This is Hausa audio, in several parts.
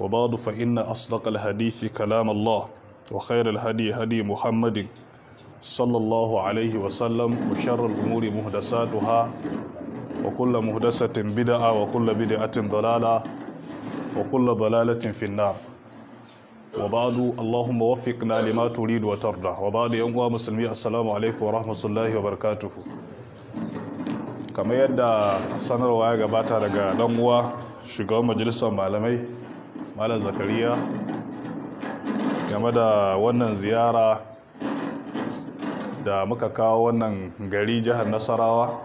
وبعد فإن أصدق الحديث كلام الله وخير الهدي هدي محمد صلى الله عليه وسلم وشر الأمور مهدساتها وكل مهدسة بدعة وكل بدعة ضلالة وكل ضلالة في النار وبعد اللهم وفقنا لما تريد وترضى وبعد يوم مسلمي السلام عليكم ورحمة الله وبركاته kamar yadda sanarwa ya gabata daga dan uwa shugaban majalisar malamai malam zakariya game da wannan ziyara da muka kawo wannan gari jihar nasarawa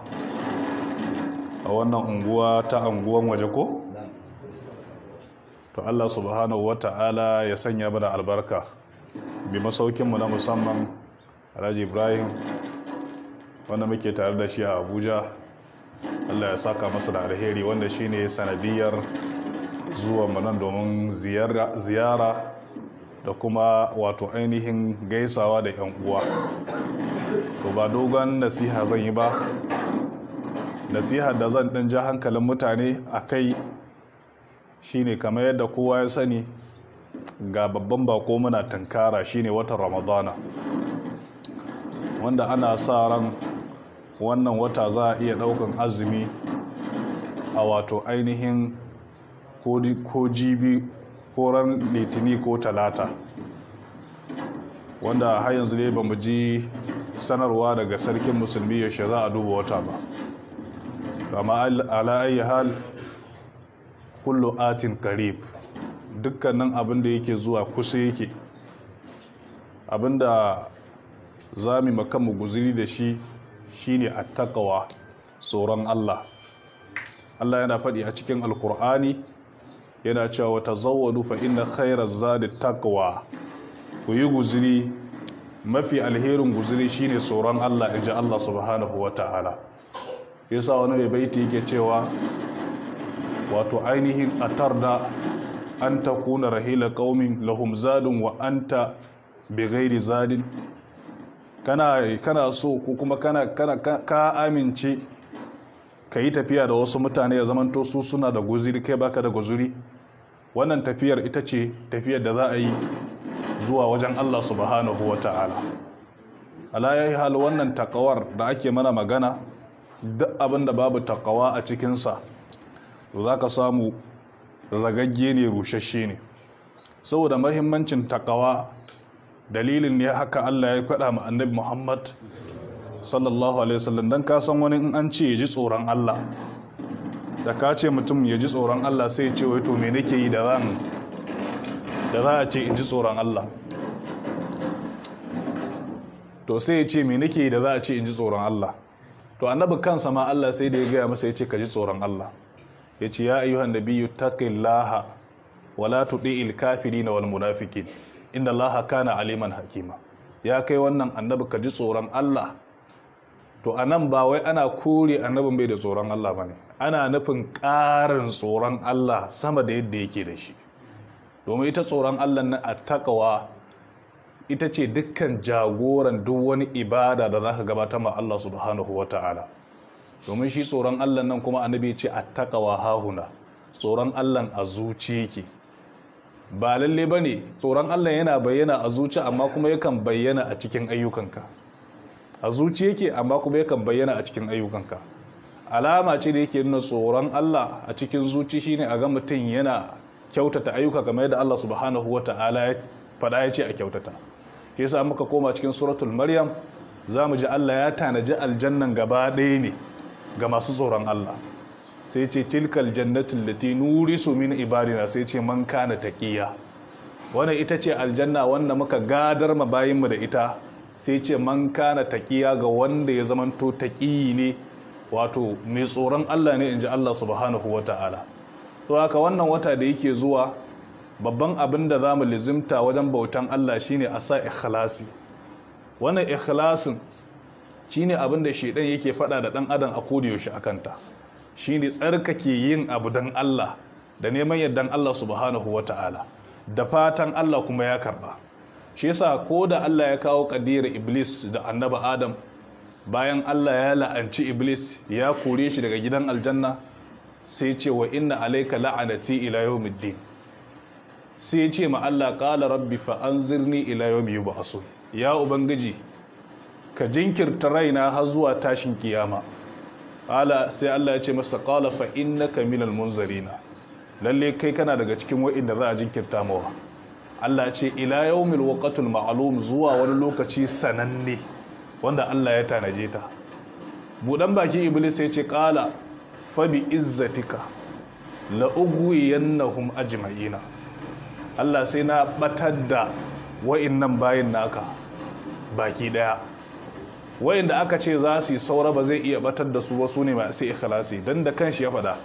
a wannan unguwa ta unguwan waje ko? to Allah subhanahu wa ta'ala ya sanya mana albarka bi masaukinmu na musamman alhaji ibrahim wanda muke tare da shi a abuja Allah ya saka masa da alheri wanda shine sanadiyar zuwa nan domin ziyara da kuma wato ainihin gaisawa da 'yan uwa to ba dogon nasiha zan yi ba Nasiha da zan ɗin ja hankalin mutane a kai shine kamar yadda kowa ya sani ga babban bako muna shi shine watan ramadana wanda ana sa ran wannan wata za a iya ɗaukan azumi a wato ainihin ko jibi ko ran litini ko talata wanda har yanzu ne ba mu ji sanarwa daga sarkin musulmi yaushe za a duba wata ba kama ala'ayi hal kullu atin karib dukkanin abinda da yake zuwa kusa yake abin da za mu makamu guziri da shi shine takawa tsoron allah allah yana faɗi a cikin alkur'ani yana cewa wata tazawwadu fa inna khairaz zadi takwa ku yi guziri mafi alherin guziri shine tsoron Allah inji Allah subhanahu wataala yasa wani mai baiti yake cewa wato ainihin atarda an kuna rahila kaumin lahum zadin wa anta bighairi zadin kana so ko kuma kana ka amince ka yi tafiya da wasu mutane ya zamanto su suna da guziri kai baka da guziri wannan tafiyar ita ce tafiyar da za a yi zuwa wajen Allah subhanahu wa ta'ala yi hal wannan takawar da ake mana magana duk abin da babu takawa a cikinsa za ka samu ragagge ne rushashe ne saboda mahimmancin takawa dalilin ne haka Allah ya faɗa ma annabi Muhammad sallallahu alaihi wasallam don ka wani in an ce ya ji tsoron Allah da ka ce mutum ya ji tsoron Allah sai ce wai to me nake yi da zan da za a ce in ji tsoron Allah to sai ya ce me nake yi da za a ce in ji tsoron Allah to annabi kansa ma Allah sai da ya gaya masa ya ce ka ji tsoron Allah ya ce ya ayyuhan nabiyyu taqillaha wala tudi'il kafirin wal munafiqin inna Allah kana aliman hakima ya kai wannan annabi ka ji tsoron Allah to anan ba wai ana kore annabin bai da tsoron Allah bane ana nufin ƙarin tsoron Allah sama da yadda yake da shi domin ita tsoron Allah na takawa ita ce dukkan jagoran duk wani ibada da zaka gabata ma Allah subhanahu ta'ala. domin shi tsoron Allah nan kuma annabi ya ce takawa hahuna tsoron Allah a zuci yake ba lalle ba ne. tsoron Allah yana bayyana a zuci amma kuma yakan bayyana a cikin ayyukanka a zuci yake amma kuma yakan bayyana a cikin ayyukanka alama ce da yake nuna tsoron Allah a cikin zuci shine a ga mutum yana kyautata ayyuka game da Allah subhanahu ta'ala ya faɗa ya ce a kyautata ke sa muka koma cikin suratul maryam za mu ji Allah ya tanaji aljannan gaba ɗaya ne ga masu tsoron Allah sai ce tilkal jannatul lati nurisu min ibadina sai ce man kana taqiya wannan ita ce aljanna wanda muka gadar ma bayinmu da ita sai ce man kana taqiya ga wanda ya zamanto taqiyi ne wato mai tsoron Allah ne in ji Allah subhanahu wa ta'ala to haka wannan wata da yake zuwa babban abin da za mu lizimta wajen bautan Allah shine a sa ikhlasi wannan ikhlasin shine abin da shaidan yake fada da ɗan adam a kodiyoshi shi shine tsarkake yin abu don Allah da neman yardan Allah subhanahu wa ta'ala da fatan Allah kuma ya karba shi yasa ko da Allah ya kawo kadira iblis da annaba adam bayan Allah ya la'anci iblis ya kore shi daga gidan aljanna sai ce wa inna alaika la'anati ila yawmiddin sai ce ma Allah qala rabbi fa anzirni ila yawmi yub'asun ya ubangiji ka jinkirta raina har zuwa tashin kiyama ala sai Allah ya ce masa qala fa innaka minal munzarina lalle kai kana daga cikin wa'inda za a jinkirta mawa Allah ya ce ila yawmil waqatul ma'lum zuwa wani lokaci sananne wanda Allah ya tanaje ta budan baki iblis ya ce qala fa bi izzatika la ugwiyannahum ajma'ina Allah sai na batar da wa'innan bayin naka baki daya da aka ce za su saura ba zai iya batar da su wasu su ne masu ikhlasi dan da kanshi ya faɗa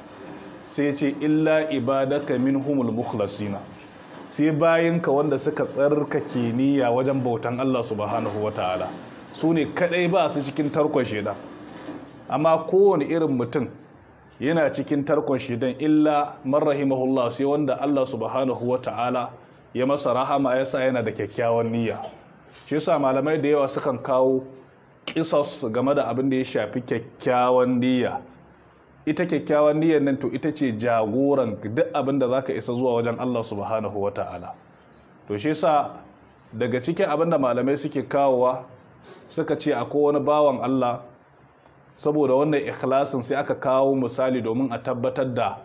sai ce illa ibadaka minhumul mukhlasina sai bayinka wanda suka tsarkake niyya wajen bautan Allah subhanahu wataala su ne kadai ba su cikin tarkon shida amma kowane irin mutum yana cikin tarkon shaidan illa marrahimahullah sai wanda Allah subhanahu wa ta'ala ya masa rahama ya sa yana da kyakkyawan niyya shi yasa malamai da yawa sukan kawo kisas game da abin da ya shafi kyakkyawan niyya ita kyakkyawan niyyar nan to ita ce jagoran duk abin da zaka isa zuwa wajen Allah subhanahu wa ta'ala to shi yasa daga cikin abin da malamai suke kawowa suka ce akwai wani bawan Allah saboda wannan ikhlasin sai aka kawo misali domin a tabbatar da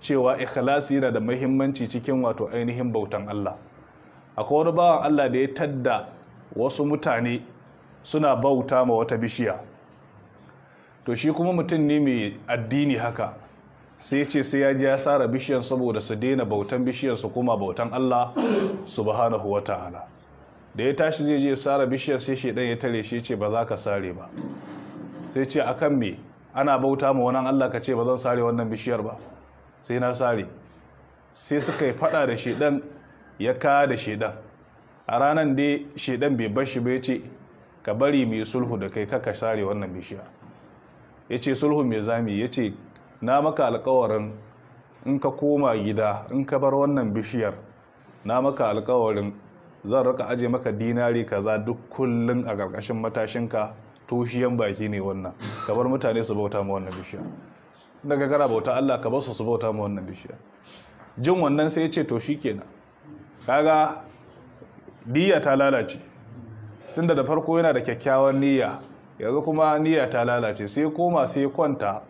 cewa ikhlasi yana da mahimmanci cikin wato ainihin bautan Allah akwai wani bawan Allah da ya tadda wasu mutane suna bauta ma wata bishiya to shi kuma mutum ne mai addini haka sai ce sai ya ji ya sara bishiyan saboda su daina bautan bishiyan su kuma bautan Allah subhanahu wa ta'ala da ya tashi zai je sare bishiyar sai ɗan ya tare shi ce ba za ka sare ba sai ce akan me ana bauta ma wannan Allah ka ce ba zan sare wannan bishiyar ba sai na sare sai suka yi fada da shedan ya ka da shedan a ranan dai shedan bai bashi ba ya ce ka bari mai sulhu da kai kaka sare wannan bishiyar ya ce sulhu mai zami ya ce na maka alkawarin in ka koma gida in ka bar wannan bishiyar na maka alkawarin zan raka aje maka dinari kaza duk kullun a ƙarƙashin matashinka tushiyan baki ne wannan ka bar mutane su bauta ma wannan bishiya na gagara bauta Allah ka basu su bauta ma wannan bishiya jin wannan sai ya ce to shi kenan kaga niyya ta lalace tunda da farko yana da kyakkyawan niyya yanzu kuma niyya ta lalace sai koma sai kwanta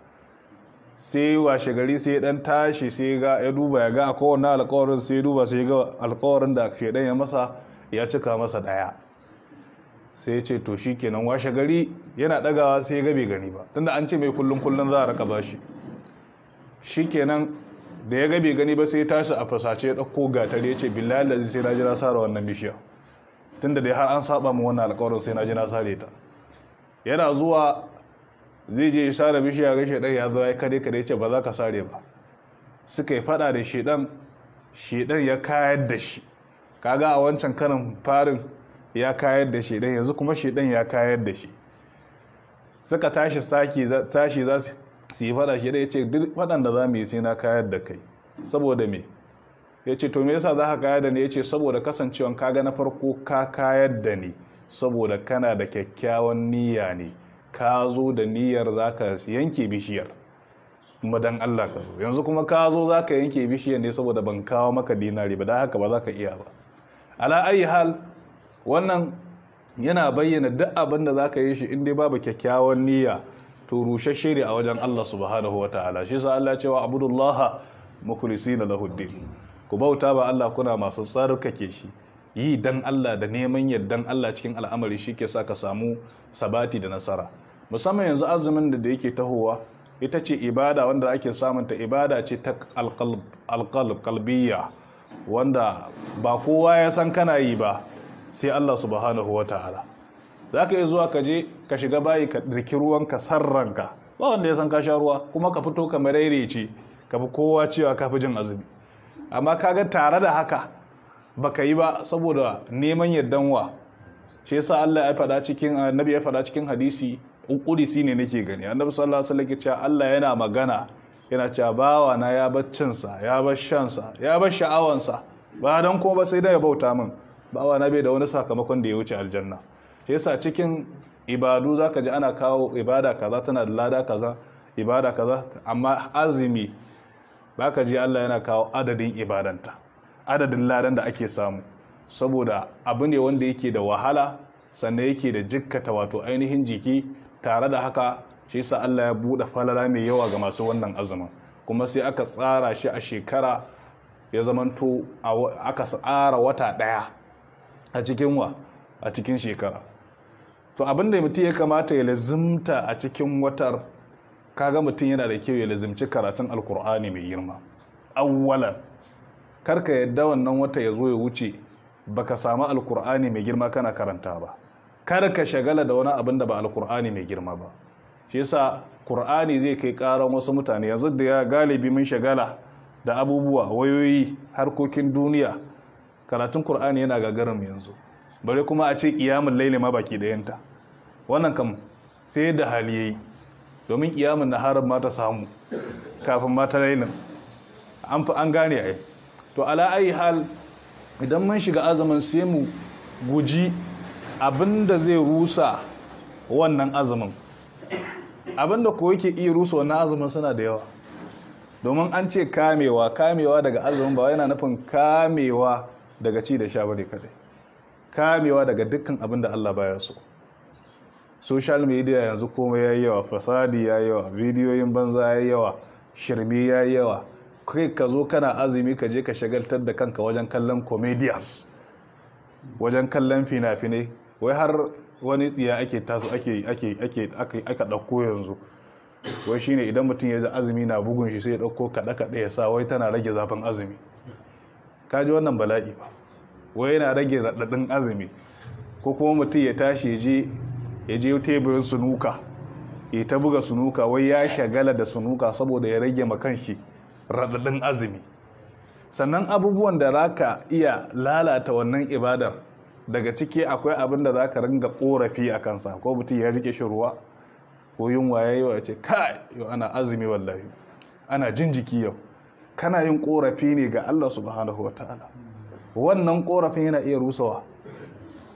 sai washe gari sai dan tashi sai ya duba ya ga kowanne alƙawarin sai ya duba sai ga alƙawarin da shedan ya masa ya cika masa daya sai ce to shi washe gari yana dagawa sai ya gabe gani ba tunda an ce mai kullum kullum za a raka bashi shi da ya gabe gani ba sai ya tashi a fasace ya ɗauko gatar ya ce billahi lazi sai na ji na sara wannan bishiya tunda dai har an saba mu wannan alƙawarin sai na ji na sare ta yana zuwa zai je ya sare bishiya ga shedan ya zo ya kare kare ya ce ba za ka sare ba suka yi fada da shedan shedan ya kayar da shi kaga a wancan karin farin ya kayar da shi dan yanzu kuma shi ya kayar da shi suka tashi saki tashi za su yi fada shi da ya ce duk waɗanda za mu yi sai na kayar da kai saboda me ya ce to me yasa za ka kayar da ni ya ce saboda kasancewan kaga na farko ka kayar da ni saboda kana da kyakkyawan niyya ne ka zo da niyyar za ka yanke bishiyar kuma dan Allah ka zo yanzu kuma ka zo za ka yanke bishiyar ne saboda ban kawo maka dinari ba da haka ba za ka iya ba ala ayi hal wannan yana bayyana duk abin da za ka yi shi inda babu kyakkyawan niyya to rushe shiri a wajen Allah subhanahu ta'ala shi sa Allah cewa abudullah mukhlisina lahu din ku bauta ba Allah kuna masu ke shi yi dan Allah da neman yardan Allah cikin al'amari shi ke sa ka samu sabati da nasara musamman yanzu azumin da yake tahowa ita ce ibada wanda ake samunta ibada ce ta alqalb wanda ba kowa ya san kana yi ba sai Allah subhanahu wa ta'ala za ka yi zuwa ka je ka shiga bayi ka ɗirki ruwanka sarranka ba wanda ya san ka sha ruwa kuma ka fito ka marairece ka fi kowa cewa ka fi jin azumi amma ka ga tare da haka Ba ka yi ba saboda neman yardan wa shi yasa Allah ya faɗa cikin annabi ya faɗa cikin hadisi ƙudisi ne nake gani annabi sallallahu alaihi wasallam ya ce Allah yana magana yana cewa bawa na ya bar cinsa ya bar shansa ya bar sha'awansa ba don ko ba sai dai ya bauta min bawa na bai da wani sakamakon da ya wuce aljanna shi yasa cikin ibadu zaka ji ana kawo ibada kaza tana da lada kaza ibada kaza amma azumi baka ji Allah yana kawo adadin ibadanta adadin ladan da ake samu saboda abu ne wanda yake da wahala sannan yake da jikkata wato ainihin jiki tare da haka shi sa Allah ya buɗe falala mai yawa ga masu wannan azumin kuma sai aka tsara shi a shekara ya zamanto aka tsara wata ɗaya a cikin wa a cikin shekara to abin da mutum ya kamata ya lazimta a cikin watar kaga mutum yana da kyau ya lazimci karatun alkur'ani mai girma awwalan karka yadda wannan wata ya zo ya wuce baka samu alkur'ani mai girma kana karanta ba kar ka shagala da wani abin da ba alkur'ani mai girma ba shi yasa qur'ani zai kai karan wasu mutane yanzu da ya galibi mun shagala da abubuwa wayoyi harkokin duniya karatun qur'ani yana gagarin yanzu bare kuma a ce kiyamul laili ma baki da yanta wannan kam sai da hali yayi domin na naharar ma ta samu kafin ma ta lailin an fi an gane ai to ala ayi hal idan mun shiga azumin sai mu guji abinda zai rusa wannan azumin abinda ko yake iya rusa wannan azumin suna da yawa domin an ce kamewa kamewa daga azumin ba yana nufin kamewa daga ci da sha bane kadai kamewa daga dukkan abin da Allah baya so social media yanzu komai yayi yawa fasadi yayi yawa bidiyoyin banza yayi yawa shirme yayi yawa kai ka zo kana azumi ka je ka shagaltar da kanka wajen kallon comedians wajen kallon fina-finai wai har wani tsiya ake taso ake ake ake aka ɗauko yanzu wai shine idan mutum ya ji azumi na bugun shi sai ya ɗauko kaɗe kaɗe ya sa wai tana rage zafin azumi ka ji wannan bala'i ba wai yana rage raɗaɗin azumi ko kuma mutum ya tashi ya je ya je teburin sunuka ya ta buga sunuka wai ya shagala da sunuka saboda ya rage ma kanshi? raɗaɗin azumi sannan abubuwan da za ka iya lalata wannan ibadar daga ciki akwai abin da za ka ringa korafi a kansa ko mutum ya jike shi ruwa ko yunwa ya yi wa ce kai yau ana azumi wallahi ana jin jiki yau kana yin korafi ne ga Allah subhanahu ta'ala wannan korafin yana iya rusawa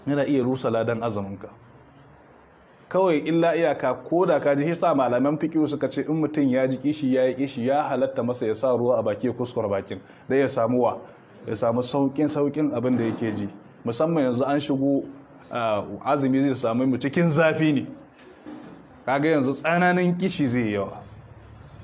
yana iya rusa ladan azuminka kawai illa iyaka ko da ka ji hisa malaman fiki suka ce in mutum ya ji kishi ya yi kishi ya halatta masa ya sa ruwa a baki ya kuskura bakin da ya samu wa ya samu saukin saukin abin da yake ji musamman yanzu an shigo azumi zai samu mu cikin zafi ne kaga yanzu tsananin kishi zai yawa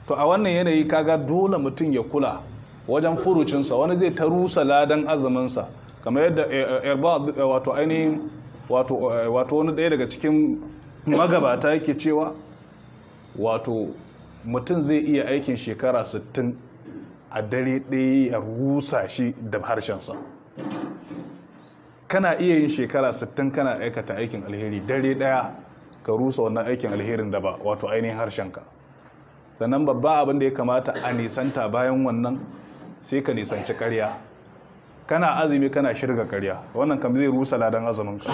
to a wannan yanayi kaga dole mutum ya kula wajen furucinsa wani zai ta rusa ladan azuminsa kamar yadda eh, eh, eh, wato ainihin wato wani ɗaya daga cikin magabata yake cewa wato mutum zai iya aikin shekara 60 a dare daya ya rusa shi da harshensa kana iya yin shekara 60 kana aikata aikin alheri dare daya ka rusa wannan aikin alherin da ba wato ainihin ka. sannan babba abin da ya kamata a nisanta bayan wannan sai ka nisanci karya kana azumi kana shirga karya wannan kam zai rusa ladan azuminka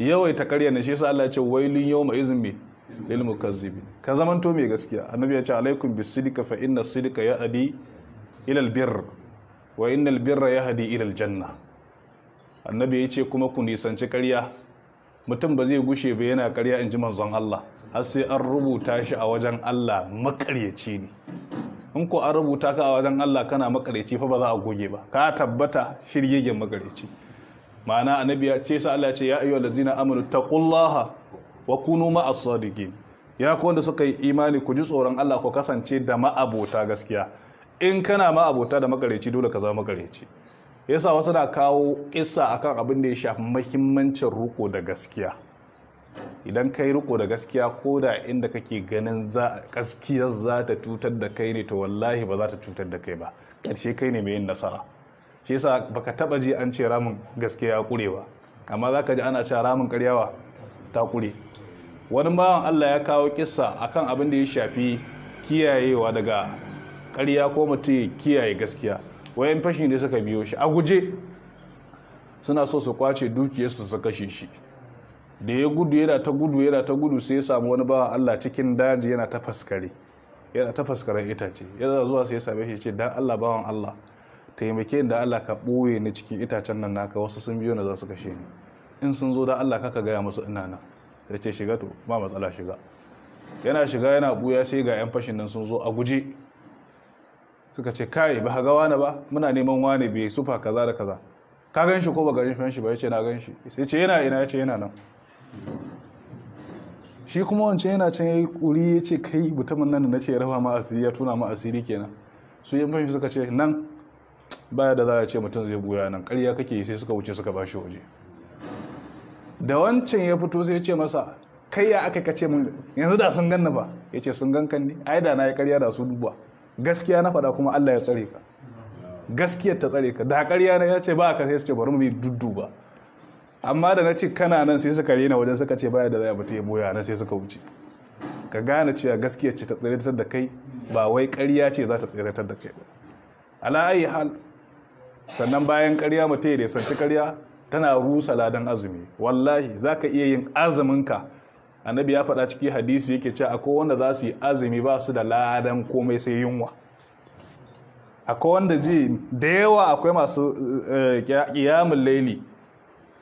yawaita karya ne shi yasa Allah ya ce wailun yawma izmi lil mukazzibin ka zamanto mai gaskiya annabi ya ce alaikum sidqa fa inna sidika ya'di ila birr wa innal birra yahdi ila janna. annabi ya ce kuma ku nisanci karya mutum ba zai gushe ba yana karya in ji manzon Allah har sai an rubuta shi a wajen Allah makaryaci ne in ku an rubuta ka a wajen Allah kana makaryaci fa ba za a goge ba ka tabbata shirgegen makaryaci ma'ana annabi ya ce sa Allah ya ce ya ayyuhal ladzina amanu taqullaha wa kunu ma'as sadiqin ya ku wanda suka yi imani ku ji tsoron Allah ku kasance da ma'abota gaskiya in kana ma'abota da makareci dole ka zama makareci yasa wasu na kawo kisa akan abin da ya shafi mahimmancin ruko da gaskiya idan ka riko da gaskiya ko da inda kake ganin gaskiyar za ta cutar da kai ne to wallahi ba za ta cutar da kai ba ƙarshe kai ne mai yin nasara shi yasa baka taba ji an ce ramin gaskiya ya kure ba amma za ka ji ana cewa ramin karyawa ta kure wani bawan Allah ya kawo kisa akan abin da ya shafi kiyayewa daga karya ko mutum kiyaye gaskiya wayan fashi ne suka biyo shi a guje suna so su kwace dukiya su kashe shi da ya gudu yana ta gudu yana ta gudu sai ya samu wani bawan Allah cikin daji yana ta faskare yana ta faskaren itace yana zuwa sai ya same shi ce dan Allah bawan Allah taimake da Allah ka ɓoye ni cikin itacen nan naka wasu sun biyo na za su kashe ni in sun zo da Allah kaka gaya musu ina nan ya ce shiga to ba matsala shiga yana shiga yana buya sai ga 'yan fashin nan sun zo a guje suka ce kai ba ga wani ba muna neman wani bai sufa kaza da kaza ka gan shi ko ba gan shi ba ya ce na gan shi ya ce yana ina ya ce yana nan shi kuma wancan yana can ya yi kuri ya ce kai mutumin nan da na ce ya rafa ma asiri ya tuna ma asiri kenan su yin fahimci suka ce nan baya da za a ce mutum zai buya nan ƙarya kake sai suka wuce suka ba shi waje da wancan ya fito sai ya ce masa kai ya aka kace min yanzu da sun ganna ba ya ce sun gan kan ne ai da na yi ƙarya da su duba gaskiya na faɗa kuma Allah ya tsare ka gaskiyar ta tsare ka da ƙarya na ya ce ba ka sai su ce bari mu yi ba amma da na ce kana nan sai suka rena wajen suka ce baya da zai abu ta yi boya na sai suka wuce ka gane cewa gaskiyar ce ta ta da kai ba wai ƙarya ce za ta ta da kai ba ala ayi hal sannan bayan ƙarya da ya sanci ƙarya tana rusa ladan azumi wallahi zaka iya yin azuminka annabi ya faɗa ciki hadisi yake cewa akwai wanda za su yi azumi ba su da ladan komai sai yunwa akwai wanda ji da yawa akwai masu kiyamun eh, eh, laili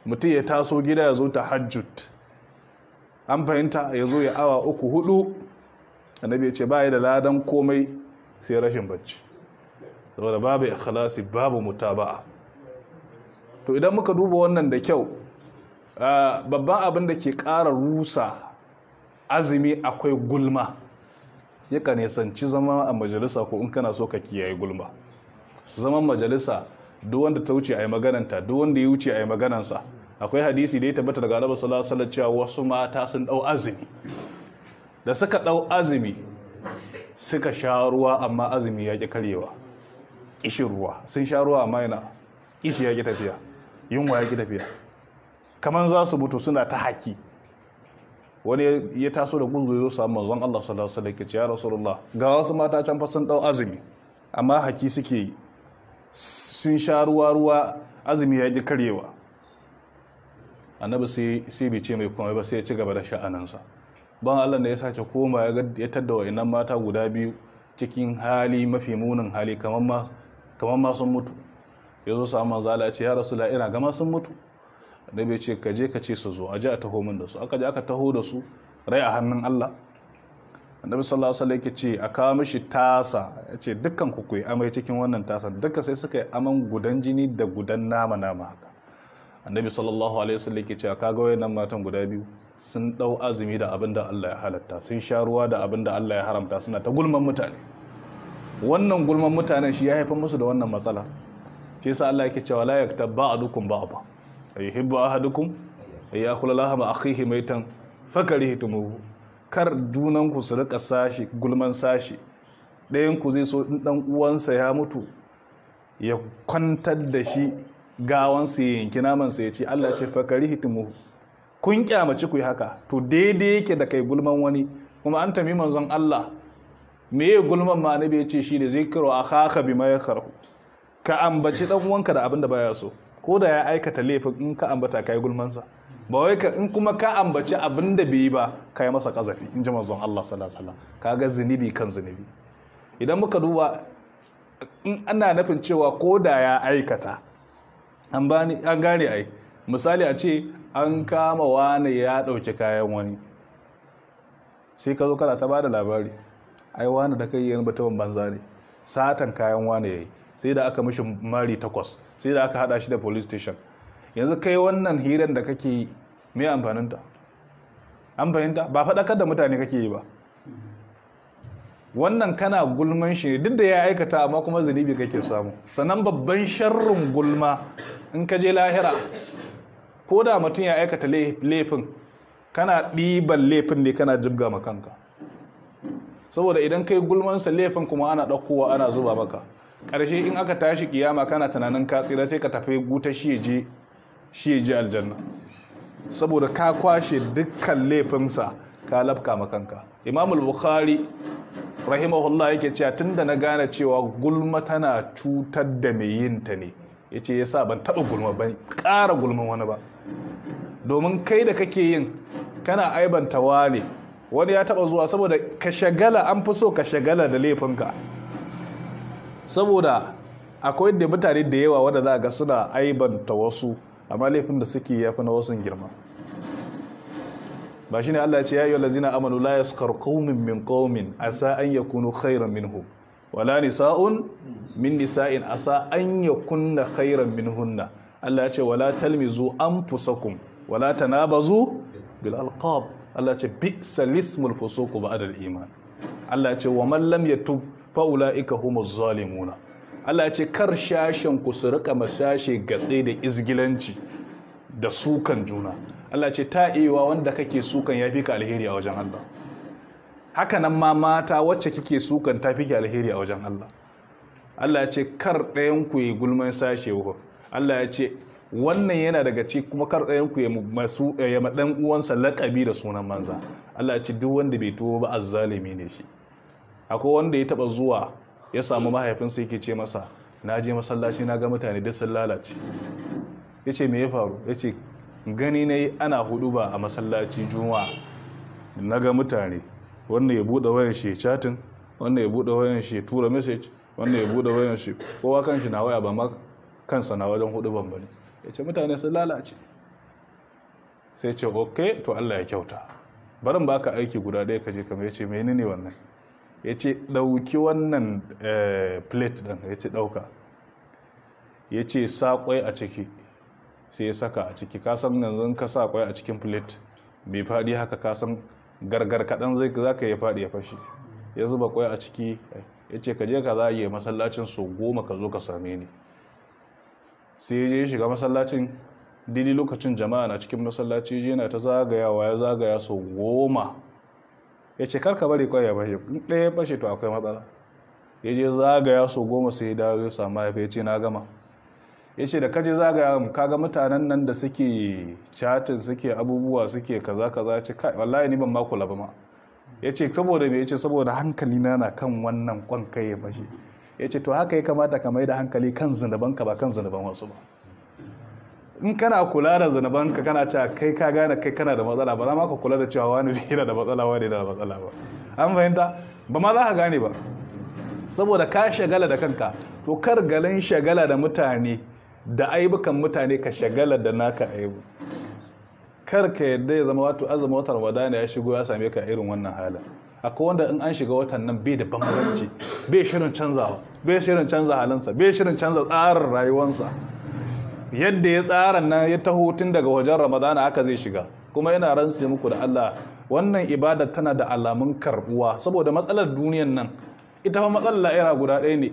mutum ya taso gida ya zo ta hajjut an fahimta ya zo ya awa uku hudu annabi ya ce ba ya da ladan komai sai rashin bacci saboda babu ikhlasi babu mutaba'a to idan muka duba wannan da kyau ah, babban abin da ke ƙara rusa azumi akwai gulma ya ka nisanci zama a majalisa ko in kana so ka kiyaye gulma zaman majalisa duk wanda ta wuce a yi magananta duk wanda ya wuce a yi maganansa akwai hadisi da ya tabbata daga annabi sallallahu alaihi wasallam cewa wasu mata sun dau azumi da suka dau azumi suka sha ruwa amma azumi ya ki karyewa kishin ruwa sun sha ruwa amma yana kishi ya ki tafiya yunwa ya ki tafiya kaman za su mutu suna ta haki wani ya taso da gungu zo samu manzon Allah sallallahu alaihi wasallam ya rasulullah ga wasu mata can fa sun dau azumi amma haki suke sun sha ruwa ruwa azumi ya ji karyewa annabi sai bai ce mai kuma ba sai ya ci gaba da sha'anansa ban Allah ne ya sake koma ya ya tadda wayannan mata guda biyu cikin hali mafi munin hali kamar ma mutu yazo samu manzo ya ce ya rasulullah ina gama sun mutu annabi ya ce ka je ka ce su zo a ji a taho min da su aka je aka taho da su rai a hannun Allah annabi sallallahu alaihi wasallam yake ce a kawo mishi tasa ya ce dukkan ku kuyi amai cikin wannan tasa dukkan sai suka yi aman gudan jini da gudan nama nama haka annabi sallallahu alaihi wasallam yake ce a kaga wayannan matan guda biyu sun dau azumi da abin da Allah ya halatta sun sha ruwa da abin da Allah ya haramta suna ta gulman mutane wannan gulman mutanen shi ya haifar musu da wannan matsala shi yasa Allah yake cewa la yaktab ba'dukum ba'da ayyuhibbu ahadukum ya kula lahama akhihi maitan fakarihitumuhu kar junanku su rika sashi gulman sashi ɗayan ku zai so ɗan uwansa ya mutu ya kwantar da shi gawansa ya yanki namansa ya ce Allah ce fakarihitumuhu kun kyamaci ku haka to daidai yake da kai gulman wani kuma an tami manzon Allah me ya gulman ma annabi ya ce shi ne zikiru akhaka bima yakrahu ka ambaci dan uwanka da abin da baya so ko da ya aikata laifin in ka ambata kai gulmansa ba wai ka in kuma ka ambaci abin da bai yi ba ka yi masa kazafi in ji manzon Allah sallallahu alaihi wasallam kaga zunubi kan zunubi idan muka duba in ana nufin cewa ko da ya aikata an bani an gane ai misali a ce an kama wani ya dauki kayan wani sai ka zo kana ta bada labari ai wani da kai yin batuwan banza ne satan kayan wani yayi sai da aka mishi mari takwas sai da aka hada shi da police station yanzu kai wannan hirar da kake yi mai amfaninta an ba faɗakar da mutane kake yi ba wannan kana gulman shi duk da ya aikata amma kuma zunubi kake samu sannan babban sharrin gulma in ka je lahira ko da mutum ya aikata laifin kana ɗiban laifin ne kana jibga ma kanka saboda idan kai gulmansa laifin kuma ana ɗaukowa ana zuba maka karshe in aka tashi kiyama kana tunanin ka tsira sai ka tafi guta shi je shi je aljanna saboda ka kwashe dukkan laifinsa ka lafka kanka. imam al-bukhari rahimahullah yake cewa tunda na gane cewa gulma tana cutar da mai yin ta ne yace yasa ban taba gulma ba ƙara gulman wani ba domin kai da kake yin kana aibanta wani wani ya taba zuwa saboda ka shagala an fi so ka shagala da laifinka saboda akwai da mutane da yawa wanda za ga suna aibanta wasu amma laifin da suke ya fi na wasu girma ba ne Allah ya ce ya ayyuhal ladzina amanu la yaskhar qaumin min a sa an yakunu khairan minhum wala nisa'un min nisa'in asa an yakunna khairan hunna. Allah ya ce wala talmizu anfusakum wala tanabazu bil alqab Allah ya ce bi'sal ismul fusuq ba'da al iman Allah ya ce wa man lam yatub fa'ula'ika humus zalimuna Allah ya ce kar shashen ku su rika mashashe gatse da izgilanci da sukan juna Allah ce ta iwa wanda kake sukan ya fi ka alheri a wajen Allah haka nan ma mata wacce kike sukan ta fi ka alheri a wajen Allah Allah ya ce kar ɗayan ku yi gulman sashe wa. Allah ya ce wannan yana daga ci kuma kar ɗayan ku ya masu ya uwansa laƙabi da sunan manza Allah ya ce duk wanda bai tuwo ba azzalimi ne shi akwai wanda ya taba zuwa ya samu mahaifinsa yake ce masa na je masallaci na ga mutane duk sun lalace ya ce me ya faru ya ce gani na yi ana hudu ba a masallaci juma'a na ga mutane wanda ya buɗe wayan shi chatin wanda ya buɗe wayan shi tura message wanda ya buɗe wayan shi kowa kan shi na waya ba ma kansa na wajen hudu ban bane ya ce mutane sun lalace sai ce ok to Allah ya kyauta barin baka aiki guda ɗaya ka je kamar ya ce menene wannan ya ce ɗauki wannan eh, plate ɗin ya ce ɗauka ya ce saƙwai a ciki sai ya saka a ciki kasan yanzu ka sa kwai a cikin plate mai faɗi haka kasan gargar kaɗan zai za ka yi faɗi ya fashe ya zuba kwai a ciki ya ce ka je ka za a yi masallacin so goma ka zo ka same ni sai ya je shiga masallacin dili lokacin jama'a na cikin masallaci yana ta zagayawa ya zagaya so goma ya ce karka bari kawai ya bashe in ɗaya ya fashe to akwai matsala ya je zagaya su goma sai dawo ya samu haifi. ya ce na gama ya ce da kaje zagaya mu kaga mutanen nan da suke chatin suke abubuwa suke kaza kaza ya ce kai wallahi ni ban ma kula ba ma ya ce saboda me ya ce saboda hankali na na kan wannan kwan kai ya fashe ya ce to haka ya kamata ka mai da hankali kan zinubanka ba kan zunuban wasu ba in kana kula da zanabanka kana cewa kai ka gane kai kana da matsala ba za ma ka kula da cewa wani bai yana da matsala wani da matsala ba an fahimta ba ma za ka gane ba saboda ka shagala da kanka to kar galin shagala da mutane da aibukan mutane ka shagala da naka aibu kar ka yadda ya zama wato azumi watan ramadana ya shigo ya same ka irin wannan halin akwai wanda in an shiga watan nan bai da bambanci bai shirin canzawa bai shirin canza halinsa bai shirin canza tsarin rayuwarsa yadda ya tsara nan ya taho tun daga wajen ramadana aka zai shiga kuma yana rantse muku da Allah wannan ibada tana da alamun karbuwa saboda matsalar duniyan nan ita fa matsalar yana guda ɗaya ne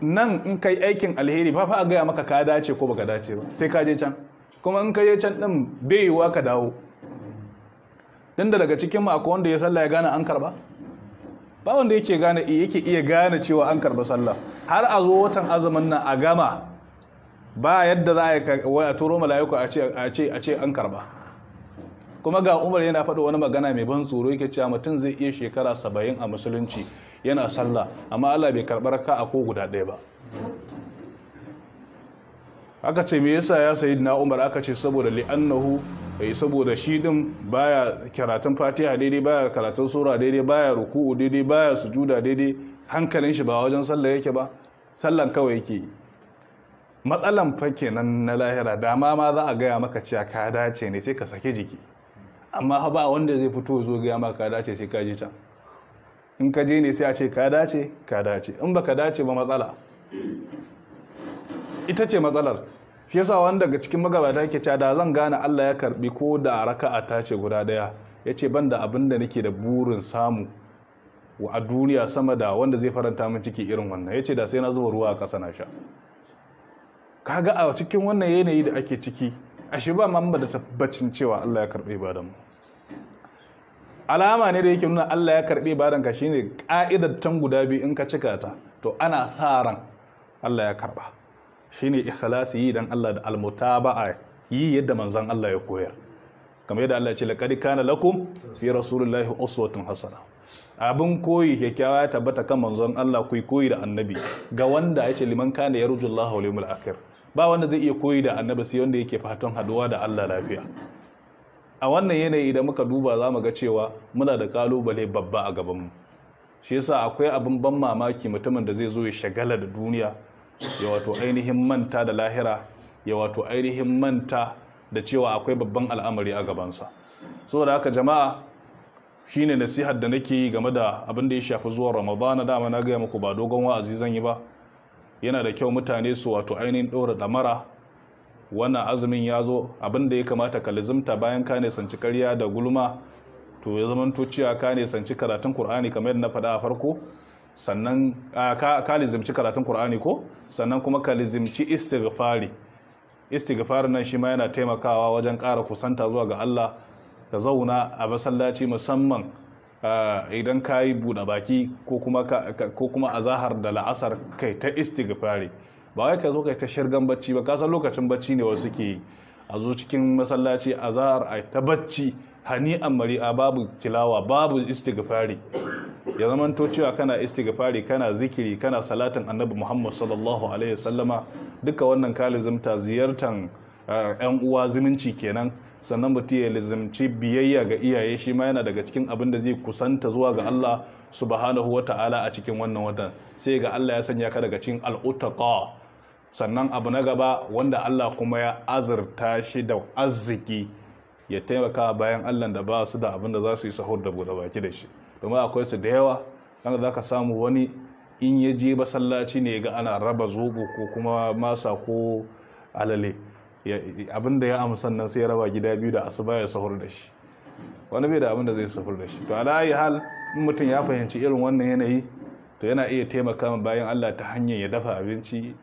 nan in kai aikin alheri fa fa a gaya maka ka dace ko baka dace ba sai ka je can kuma in ka je can din bai yiwuwa ka dawo din da daga cikin mu akwai wanda ya sallah ya gane an karba ba wanda yake gane yake iya gane cewa an karba sallah har a zo watan azumin nan a gama ba yadda za a turo mala'iku a ce an karba kuma ga umar yana faɗo wani magana mai ban tsoro yake cewa mutum zai iya shekara saba'in a musulunci yana sallah amma allah bai karɓar ka a ko guda ɗaya ba aka ce me yasa ya sayi na umar aka ce saboda li'annahu yi eh, saboda shi din baya karatun fatiha daidai baya karatun sura daidai baya ruku'u daidai baya sujuda daidai hankalin shi ba wajen sallah yake ba sallan kawai yake yi matsalan fa kenan na lahira dama ma za a gaya maka cewa ka dace ne sai ka sake jiki amma ba wanda zai fito zo gaya maka ka dace sai ka je can in ka je ne sai a ce ka dace ka dace in ba ka dace ba matsala ita ce matsalar shi yasa wani daga cikin magabata yake cewa da zan gane Allah ya karbi ko da raka'a ta ce guda daya yace banda abin da nake da burin samu a duniya sama da wanda zai faranta min ciki irin wannan yace da sai na zuba ruwa a ƙasa na sha kaga a cikin wannan yanayi da ake ciki ashe ba ma da tabbacin cewa Allah ya karbe ibadan mu alama ne da yake nuna Allah ya karbe ibadan ka shine ka'idar tan guda biyu in ka cika ta to ana sa ran Allah ya karba shine ikhlasi yi dan Allah da almutaba'a yi yadda manzon Allah ya koyar kamar yadda Allah ya ce laqad kana lakum fi rasulillahi uswatun hasana abin koyi kyakkyawa ya tabbata kan manzon Allah ku koyi da annabi ga wanda ya ce liman kana yarjullahi wal yawmil akhir ba wanda zai iya koyi da annabi sai wanda yake fatan haduwa da Allah lafiya a wannan yanayi idan muka duba za mu ga cewa muna da kalubale babba a gabanmu shi yasa akwai abin ban mamaki mutumin da zai zo ya shagala da duniya ya wato ainihin manta da lahira ya wato ainihin manta da cewa akwai babban al'amari a gabansa saboda haka jama'a shine nasihar da nake yi game da abin da ya shafi zuwa ramadana dama na gaya muku ba dogon wa'azi zan yi ba yana da kyau mutane su wato ainihin ɗora ɗamara wannan azumin ya zo Abinda ya kamata ka lizimta bayan ka nisanci karya da gulma to ya zama cewa ka nisanci karatun kur'ani kamar yadda na faɗa a farko sannan ka lizimci karatun kur'ani ko sannan kuma ka lizimci istighfari istighfari nan shi ma yana taimakawa wajen ƙara kusanta zuwa ga Allah ka zauna a masallaci musamman Ah, idan ka yi buɗe baki ko kuma a zahar da la'asar kai ta istighfari ba wai ka zo kai ta shirgan bacci ba kasan lokacin bacci ne wasu ke a zo cikin masallaci a zahar a ta bacci hani a babu kilawa babu istighfari ya zaman to cewa kana istighfari kana zikiri kana salatin annabi muhammad sallallahu alaihi wasallama duka wannan kalizimta ziyartan yan ah, uwa zumunci kenan sannan mutum ya lizimci biyayya ga iyaye shi ma yana daga cikin abin da zai kusanta zuwa ga Allah subhanahu wa ta'ala a cikin wannan watan sai ga Allah ya sanya ka daga cikin al'utaka sannan abu na gaba wanda Allah kuma ya azurta shi da arziki ya taimaka bayan Allah da ba su da abin da za su yi sahur da buɗe baki da shi domin akwai su da yawa kan za ka samu wani in ya je masallaci ne ga ana raba zobo ko kuma masa ko alale abin da ya amsan nan sai ya raba gida biyu da asuba ya sahur da shi wani bai da abin da zai sahur da shi to alayi hal in mutum ya fahimci irin wannan yanayi to yana iya taimaka ma bayan Allah ta hanyar ya dafa abinci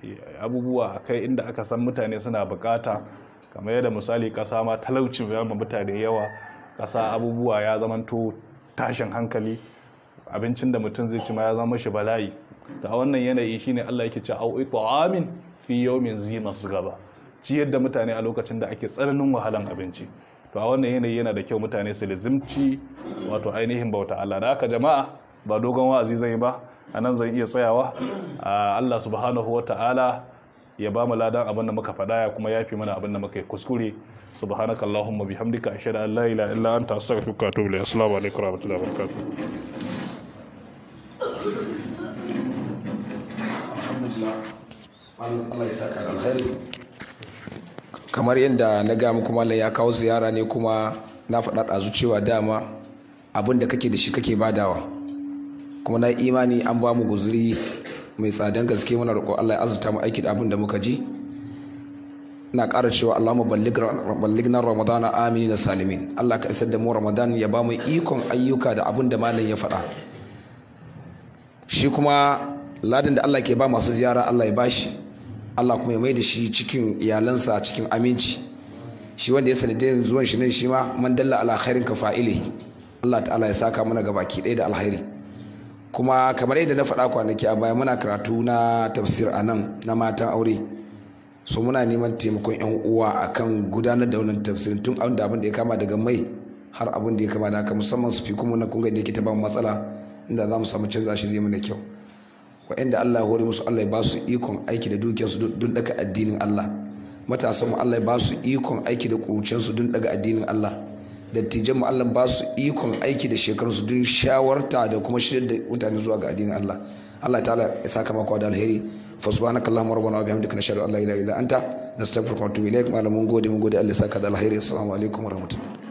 abubuwa a kai inda aka san mutane suna bukata kamar yadda misali kasa ma talauci ya ma mutane yawa kasa abubuwa ya zamanto tashin hankali abincin da mutum zai ci ma ya zama mashi bala'i ta wannan yanayi shine Allah yake ce au amin fi yawmin zi gaba ciyar da mutane a lokacin da ake tsananin wahalan abinci to a wannan yanayi yana da kyau mutane su lizimci wato ainihin bauta Allah da aka jama'a ba dogon wa'azi zai ba a nan zan iya tsayawa Allah subhanahu wa ta'ala ya ba mu ladan abin da muka faɗa ya kuma yafi mana abin da muka yi kuskure subhanakallahumma bihamdika ashhadu an la ilaha illa anta astaghfiruka wa atubu ilayk assalamu alaikum wa rahmatullahi wa barakatuh Allah ya saka alheri kamar yadda na ga muku mallam ya kawo ziyara ne kuma na faɗa ɗazu cewa dama abin da kake da shi kake badawa kuma na imani an ba mu guzuri mai tsadan gaske muna roƙo Allah ya azurta mu aiki da abin da muka ji na ƙara cewa mu balligna ramadana amini na salimin Allah ka isar da mu ramadan ya ba mu ikon ayyuka da abin da malam ya faɗa shi kuma ladin da Allah ke ba masu ziyara Allah ya bashi Allah kuma ya mai da shi cikin iyalansa cikin aminci shi wanda ya sanadiyar zuwan shi nan shi ma man dalla ala ka fa'ilihi Allah ta'ala ya saka mana ke ɗaya da alkhairi kuma kamar yadda na faɗa kwanaki a baya muna karatu na tafsir a nan na matan aure so muna neman taimakon yan uwa akan gudanar da wannan tafsirin tun abin da abin da ya kama daga mai har abin da ya kama da haka musamman su fi kuma na kunga da yake ta ba matsala inda za mu samu canza shi zai mana kyau waɗanda Allah ya hori musu Allah ya ba su ikon aiki da dukiyarsu don daga addinin Allah matasan mu Allah ya ba su ikon aiki da kuruciyarsu don daga addinin Allah dattijan mu Allah ba su ikon aiki da shekarunsu don shawarta da kuma shirin da mutane zuwa ga addinin Allah Allah ta'ala ya saka maka da alheri fa subhanaka allahumma rabbana wa bihamdika nashhadu an la ilaha illa anta nastaghfiruka wa natubu ilaik malamun gode mun gode Allah ya saka da alheri assalamu alaikum wa rahmatullahi